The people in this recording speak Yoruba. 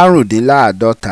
àrùndínláàádọ́ta